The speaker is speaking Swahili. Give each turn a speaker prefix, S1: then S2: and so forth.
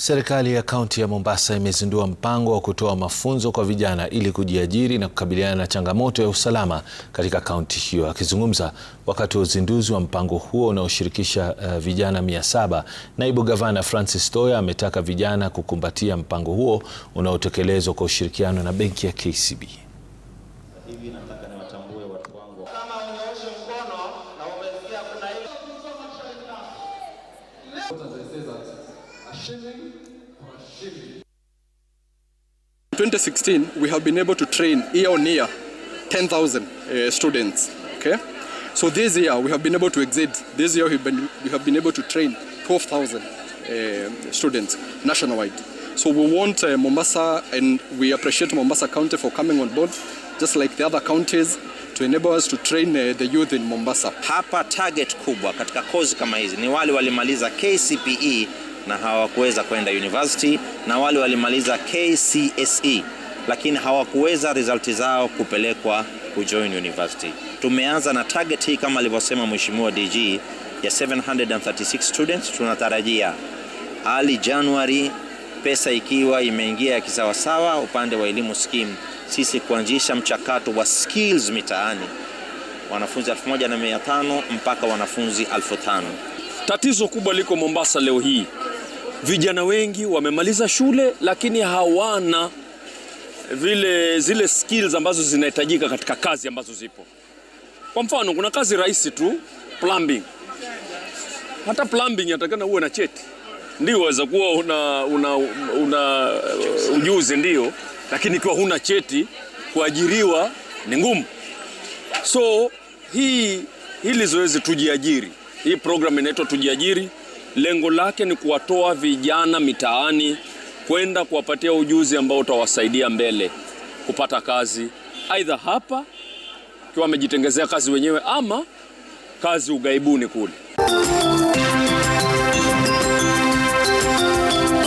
S1: Serikali ya kaunti ya Mombasa imezindua mpango wa kutoa mafunzo kwa vijana ili kujiajiri na kukabiliana na changamoto ya usalama katika kaunti hiyo. Akizungumza wakati wa uzinduzi wa mpango huo unaoshirikisha uh, vijana mia saba, naibu gavana Francis Toya ametaka vijana kukumbatia mpango huo unaotekelezwa kwa ushirikiano na benki ya KCB.
S2: 2016, we have been able to train year on year 10,000 uh, students. Okay, so this year we have been able to exceed. This year we've been, we have been able to train 12,000 uh, students nationwide. So we want uh, Mombasa, and we appreciate Mombasa County for coming on board, just like the other counties, to enable us to train uh, the youth in Mombasa.
S3: Hapa target kubwa katika kozi kama hizi ni wale walimaliza KCPE na hawakuweza kwenda university, na wale walimaliza KCSE lakini hawakuweza result zao kupelekwa kujoin university. Tumeanza na target hii kama alivyosema Mheshimiwa DG ya 736 students. Tunatarajia hali Januari, pesa ikiwa imeingia ya kisawasawa upande wa elimu scheme, sisi kuanzisha mchakato wa skills mitaani, wanafunzi 1500 mpaka wanafunzi 5000.
S4: Tatizo kubwa liko Mombasa leo hii. Vijana wengi wamemaliza shule lakini hawana vile zile skills ambazo zinahitajika katika kazi ambazo zipo. Kwa mfano, kuna kazi rahisi tu plumbing. Hata plumbing yatakana uwe na cheti, ndio waweza kuwa una, una, una uh, ujuzi ndio, lakini ikiwa huna cheti kuajiriwa ni ngumu. So hii hili zoezi tujiajiri, hii program inaitwa tujiajiri lengo lake ni kuwatoa vijana mitaani kwenda kuwapatia ujuzi ambao utawasaidia mbele kupata kazi, aidha hapa ikiwa amejitengezea kazi wenyewe ama kazi ughaibuni kule.